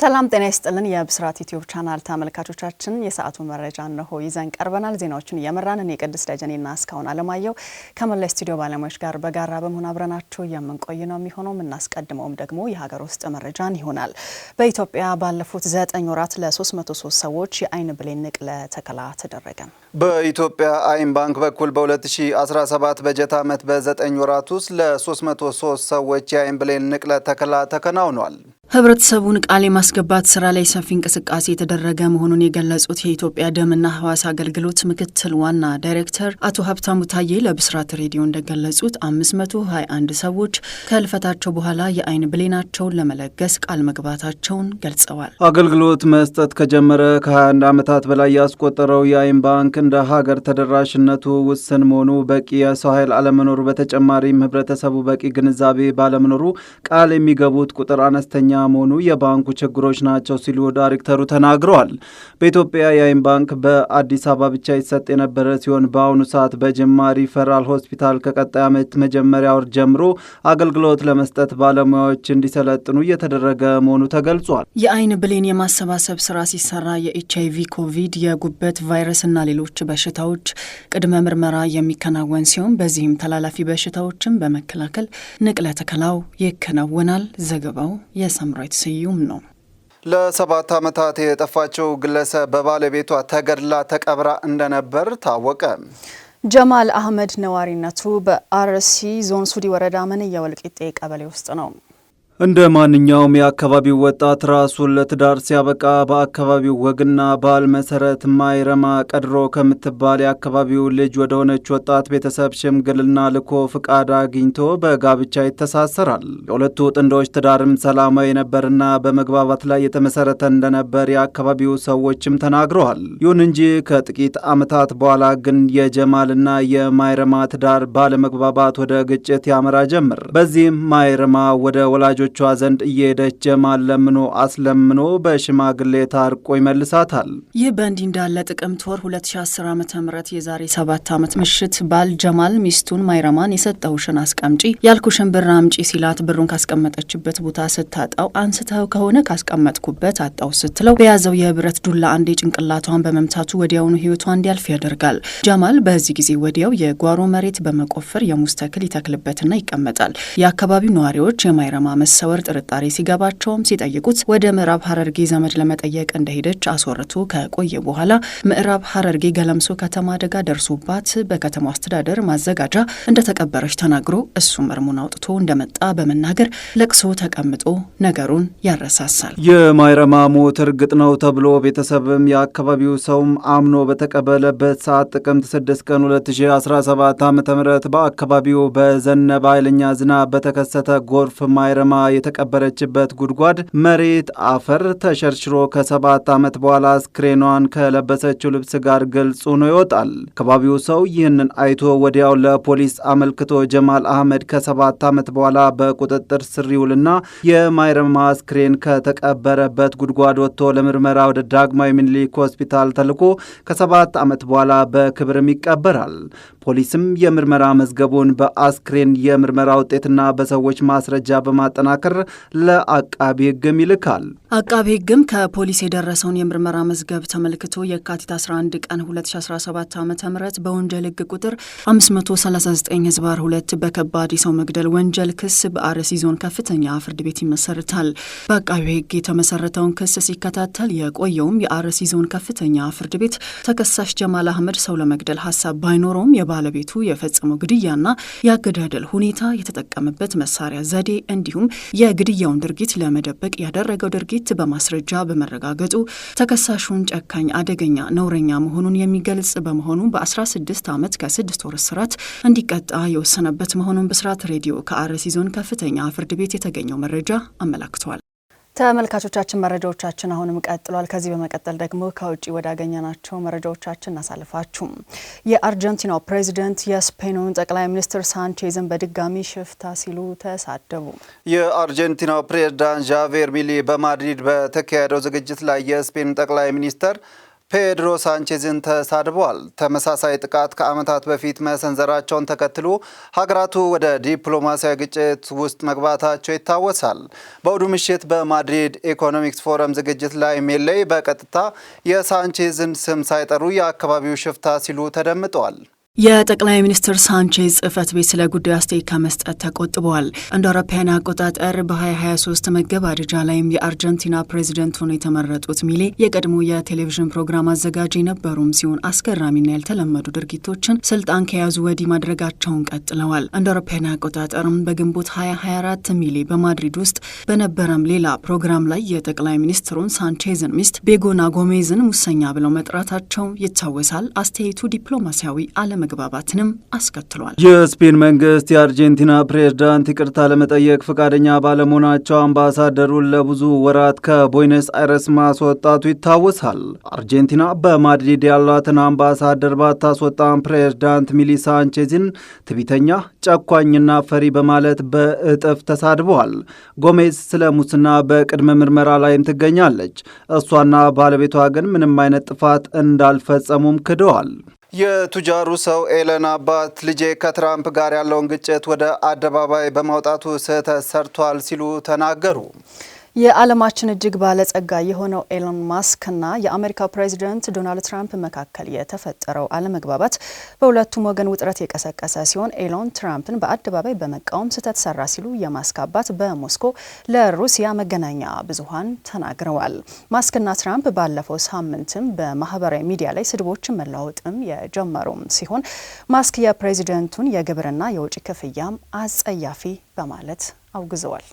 ሰላም ጤና ይስጥልን። የብስራት ዩቲዩብ ቻናል ተመልካቾቻችን የሰዓቱን መረጃ እነሆ ይዘን ቀርበናል። ዜናዎቹን እየመራን እኔ ቅድስት ደጀኔና እስካሁን አለማየሁ ከመላ ስቱዲዮ ባለሙያዎች ጋር በጋራ በመሆን አብረናችሁ የምንቆይ ነው የሚሆነው። የምናስቀድመውም ደግሞ የሀገር ውስጥ መረጃን ይሆናል። በኢትዮጵያ ባለፉት ዘጠኝ ወራት ለ303 ሰዎች የአይን ብሌን ንቅለ ተከላ ተደረገ። በኢትዮጵያ አይን ባንክ በኩል በ2017 በጀት ዓመት በዘጠኝ ወራት ውስጥ ለ303 ሰዎች የአይን ብሌን ንቅለ ተከላ ተከናውኗል። ህብረተሰቡን ቃል የማስገባት ስራ ላይ ሰፊ እንቅስቃሴ የተደረገ መሆኑን የገለጹት የኢትዮጵያ ደምና ህዋስ አገልግሎት ምክትል ዋና ዳይሬክተር አቶ ሀብታሙ ታዬ ለብስራት ሬዲዮ እንደገለጹት 521 ሰዎች ከህልፈታቸው በኋላ የአይን ብሌናቸውን ለመለገስ ቃል መግባታቸውን ገልጸዋል። አገልግሎት መስጠት ከጀመረ ከ21 ዓመታት በላይ ያስቆጠረው የአይን ባንክ እንደ ሀገር ተደራሽነቱ ውስን መሆኑ፣ በቂ የሰው ኃይል አለመኖሩ፣ በተጨማሪም ህብረተሰቡ በቂ ግንዛቤ ባለመኖሩ ቃል የሚገቡት ቁጥር አነስተኛ መሆኑ የባንኩ ችግሮች ናቸው ሲሉ ዳይሬክተሩ ተናግረዋል። በኢትዮጵያ የአይን ባንክ በአዲስ አበባ ብቻ ይሰጥ የነበረ ሲሆን በአሁኑ ሰዓት በጅማ ሪፈራል ሆስፒታል ከቀጣይ ዓመት መጀመሪያ ወር ጀምሮ አገልግሎት ለመስጠት ባለሙያዎች እንዲሰለጥኑ እየተደረገ መሆኑ ተገልጿል። የአይን ብሌን የማሰባሰብ ስራ ሲሰራ የኤች አይቪ፣ ኮቪድ፣ የጉበት ቫይረስና ሌሎች በሽታዎች ቅድመ ምርመራ የሚከናወን ሲሆን በዚህም ተላላፊ በሽታዎችን በመከላከል ንቅለ ተከላው ይከናወናል። ዘገባው የሰማ ታምራት ስዩም ነው። ለሰባት ዓመታት የጠፋችው ግለሰብ በባለቤቷ ተገድላ ተቀብራ እንደነበር ታወቀ። ጀማል አህመድ ነዋሪነቱ በአርሲ ዞን ሱዲ ወረዳ መንያ ወልቂጤ ቀበሌ ውስጥ ነው። እንደ ማንኛውም የአካባቢው ወጣት ራሱን ለትዳር ሲያበቃ በአካባቢው ወግና ባህል መሰረት ማይረማ ቀድሮ ከምትባል የአካባቢው ልጅ ወደ ሆነች ወጣት ቤተሰብ ሽምግልና ልኮ ፍቃድ አግኝቶ በጋብቻ ይተሳሰራል። የሁለቱ ጥንዶች ትዳርም ሰላማዊ ነበርና በመግባባት ላይ የተመሰረተ እንደነበር የአካባቢው ሰዎችም ተናግረዋል። ይሁን እንጂ ከጥቂት ዓመታት በኋላ ግን የጀማልና የማይረማ ትዳር ባለመግባባት ወደ ግጭት ያመራ ጀምር። በዚህም ማይረማ ወደ ወላጆች በወላጆቿ ዘንድ እየሄደች ጀማል ለምኖ አስለምኖ በሽማግሌ ታርቆ ይመልሳታል። ይህ በእንዲህ እንዳለ ጥቅምት ወር 2010 ዓ ም የዛሬ ሰባት ዓመት ምሽት ባል ጀማል ሚስቱን ማይረማን የሰጠውሽን አስቀምጪ ያልኩሽን ብር አምጪ ሲላት ብሩን ካስቀመጠችበት ቦታ ስታጣው አንስተው ከሆነ ካስቀመጥኩበት አጣው ስትለው በያዘው የብረት ዱላ አንዴ ጭንቅላቷን በመምታቱ ወዲያውኑ ህይወቷ እንዲያልፍ ያደርጋል። ጀማል በዚህ ጊዜ ወዲያው የጓሮ መሬት በመቆፈር የሙዝ ተክል ይተክልበትና ይቀመጣል። የአካባቢው ነዋሪዎች የማይረማ መስ መሰወር ጥርጣሬ ሲገባቸውም ሲጠይቁት ወደ ምዕራብ ሀረርጌ ዘመድ ለመጠየቅ እንደሄደች አስወርቱ ከቆየ በኋላ ምዕራብ ሀረርጌ ገለምሶ ከተማ አደጋ ደርሶባት በከተማ አስተዳደር ማዘጋጃ እንደተቀበረች ተናግሮ እሱም እርሙን አውጥቶ እንደመጣ በመናገር ለቅሶ ተቀምጦ ነገሩን ያረሳሳል። የማይረማ ሞት እርግጥ ነው ተብሎ ቤተሰብም የአካባቢው ሰውም አምኖ በተቀበለበት ሰዓት ጥቅምት 6 ቀን 2017 ዓ ም በአካባቢው በዘነበ ኃይለኛ ዝናብ በተከሰተ ጎርፍ ማይረማ የተቀበረችበት ጉድጓድ መሬት አፈር ተሸርሽሮ ከሰባት ዓመት በኋላ አስክሬኗን ከለበሰችው ልብስ ጋር ግልጽ ሆኖ ይወጣል። ከባቢው ሰው ይህንን አይቶ ወዲያው ለፖሊስ አመልክቶ ጀማል አህመድ ከሰባት ዓመት በኋላ በቁጥጥር ስር ይውልና የማይረማ አስክሬን ከተቀበረበት ጉድጓድ ወጥቶ ለምርመራ ወደ ዳግማዊ ምኒልክ ሆስፒታል ተልኮ ከሰባት ዓመት በኋላ በክብርም ይቀበራል። ፖሊስም የምርመራ መዝገቡን በአስክሬን የምርመራ ውጤትና በሰዎች ማስረጃ በማጠና ለማጠናከር ለአቃቢ ህግም ይልካል። አቃቢ ህግም ከፖሊስ የደረሰውን የምርመራ መዝገብ ተመልክቶ የካቲት 11 ቀን 2017 ዓ ም በወንጀል ህግ ቁጥር 539 ህዝባር 2 በከባድ የሰው መግደል ወንጀል ክስ በአርሲ ዞን ከፍተኛ ፍርድ ቤት ይመሰርታል። በአቃቢ ህግ የተመሰረተውን ክስ ሲከታተል የቆየውም የአርሲ ዞን ከፍተኛ ፍርድ ቤት ተከሳሽ ጀማል አህመድ ሰው ለመግደል ሀሳብ ባይኖረውም የባለቤቱ የፈጸመው ግድያና የአገዳደል ሁኔታ የተጠቀመበት መሳሪያ ዘዴ እንዲሁም የግድያውን ድርጊት ለመደበቅ ያደረገው ድርጊት በማስረጃ በመረጋገጡ ተከሳሹን ጨካኝ፣ አደገኛ፣ ነውረኛ መሆኑን የሚገልጽ በመሆኑ በ16 ዓመት ከስድስት ወር እስራት እንዲቀጣ የወሰነበት መሆኑን ብስራት ሬዲዮ ከአርሲ ዞን ከፍተኛ ፍርድ ቤት የተገኘው መረጃ አመላክቷል። ተመልካቾቻችን መረጃዎቻችን አሁንም ቀጥሏል። ከዚህ በመቀጠል ደግሞ ከውጭ ወዳገኘናቸው መረጃዎቻችን እናሳልፋችሁም። የአርጀንቲናው ፕሬዚደንት የስፔኑን ጠቅላይ ሚኒስትር ሳንቼዝን በድጋሚ ሽፍታ ሲሉ ተሳደቡ። የአርጀንቲናው ፕሬዚዳንት ዣቬር ሚሊ በማድሪድ በተካሄደው ዝግጅት ላይ የስፔን ጠቅላይ ሚኒስትር ፔድሮ ሳንቼዝን ተሳድቧል። ተመሳሳይ ጥቃት ከዓመታት በፊት መሰንዘራቸውን ተከትሎ ሀገራቱ ወደ ዲፕሎማሲያዊ ግጭት ውስጥ መግባታቸው ይታወሳል። በእሁዱ ምሽት በማድሪድ ኢኮኖሚክስ ፎረም ዝግጅት ላይ ሜሌይ በቀጥታ የሳንቼዝን ስም ሳይጠሩ የአካባቢው ሽፍታ ሲሉ ተደምጠዋል። የጠቅላይ ሚኒስትር ሳንቼዝ ጽህፈት ቤት ስለ ጉዳዩ አስተያየት ከመስጠት ተቆጥበዋል። እንደ አውሮፓውያን አቆጣጠር በ2023 መገባደጃ ላይም የአርጀንቲና ፕሬዚደንት ሆነው የተመረጡት ሚሌ የቀድሞ የቴሌቪዥን ፕሮግራም አዘጋጅ የነበሩም ሲሆን አስገራሚና ያልተለመዱ ድርጊቶችን ስልጣን ከያዙ ወዲህ ማድረጋቸውን ቀጥለዋል። እንደ አውሮፓውያን አቆጣጠርም በግንቦት 2024 ሚሌ በማድሪድ ውስጥ በነበረም ሌላ ፕሮግራም ላይ የጠቅላይ ሚኒስትሩን ሳንቼዝን ሚስት ቤጎና ጎሜዝን ሙሰኛ ብለው መጥራታቸው ይታወሳል። አስተያየቱ ዲፕሎማሲያዊ አለ አለመግባባትንም አስከትሏል። የስፔን መንግስት የአርጀንቲና ፕሬዝዳንት ይቅርታ ለመጠየቅ ፈቃደኛ ባለመሆናቸው አምባሳደሩን ለብዙ ወራት ከቦይነስ አይረስ ማስወጣቱ ይታወሳል። አርጀንቲና በማድሪድ ያሏትን አምባሳደር ባታስወጣም ፕሬዝዳንት ሚሊ ሳንቼዝን ትቢተኛ፣ ጨኳኝና ፈሪ በማለት በእጥፍ ተሳድበዋል። ጎሜዝ ስለ ሙስና በቅድመ ምርመራ ላይም ትገኛለች። እሷና ባለቤቷ ግን ምንም አይነት ጥፋት እንዳልፈጸሙም ክደዋል። የቱጃሩ ሰው ኤለን አባት ልጄ ከትራምፕ ጋር ያለውን ግጭት ወደ አደባባይ በማውጣቱ ስህተት ሰርቷል ሲሉ ተናገሩ። የዓለማችን እጅግ ባለጸጋ የሆነው ኤሎን ማስክ እና የአሜሪካ ፕሬዚደንት ዶናልድ ትራምፕ መካከል የተፈጠረው አለመግባባት በሁለቱም ወገን ውጥረት የቀሰቀሰ ሲሆን ኤሎን ትራምፕን በአደባባይ በመቃወም ስህተት ሰራ ሲሉ የማስክ አባት በሞስኮ ለሩሲያ መገናኛ ብዙሃን ተናግረዋል። ማስክና ትራምፕ ባለፈው ሳምንትም በማህበራዊ ሚዲያ ላይ ስድቦችን መለዋወጥም የጀመሩም ሲሆን ማስክ የፕሬዚደንቱን የግብርና የውጭ ክፍያም አጸያፊ በማለት አውግዘዋል።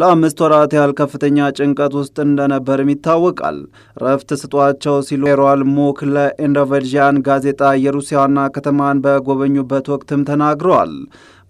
ለአምስት ወራት ያህል ከፍተኛ ጭንቀት ውስጥ እንደነበርም ይታወቃል። ረፍት ስጧቸው ሲሉ ኤርዋል ሞክ ለኢንዶቬልዥያን ጋዜጣ የሩሲያና ከተማን በጎበኙበት ወቅትም ተናግረዋል።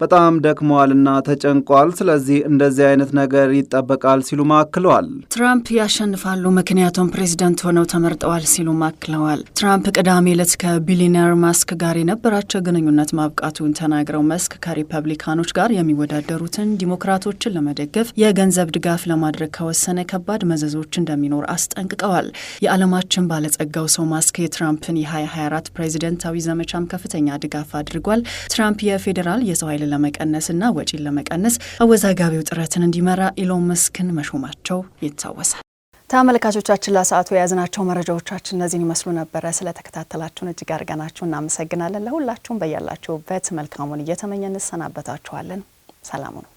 በጣም ደክመዋልና ተጨንቋል። ስለዚህ እንደዚህ አይነት ነገር ይጠበቃል ሲሉ ማክለዋል። ትራምፕ ያሸንፋሉ፣ ምክንያቱም ፕሬዚደንት ሆነው ተመርጠዋል ሲሉ ማክለዋል። ትራምፕ ቅዳሜ ዕለት ከቢሊነር ማስክ ጋር የነበራቸው ግንኙነት ማብቃቱን ተናግረው መስክ ከሪፐብሊካኖች ጋር የሚወዳደሩትን ዲሞክራቶችን ለመደገፍ የገንዘብ ድጋፍ ለማድረግ ከወሰነ ከባድ መዘዞች እንደሚኖር አስጠንቅቀዋል። የዓለማችን ባለጸጋው ሰው ማስክ የትራምፕን የ2024 ፕሬዚደንታዊ ዘመቻም ከፍተኛ ድጋፍ አድርጓል። ትራምፕ የፌዴራል የሰው ኃይል ለመቀነስና ወጪን ለመቀነስ አወዛጋቢው ጥረትን እንዲመራ ኢሎን መስክን መሾማቸው ይታወሳል። ተመልካቾቻችን ለሰዓቱ የያዝናቸው መረጃዎቻችን እነዚህን ይመስሉ ነበረ። ስለተከታተላችሁን እጅግ አድርገናችሁ እናመሰግናለን። ለሁላችሁም በያላችሁበት መልካሙን እየተመኘ እንሰናበታችኋለን። ነው።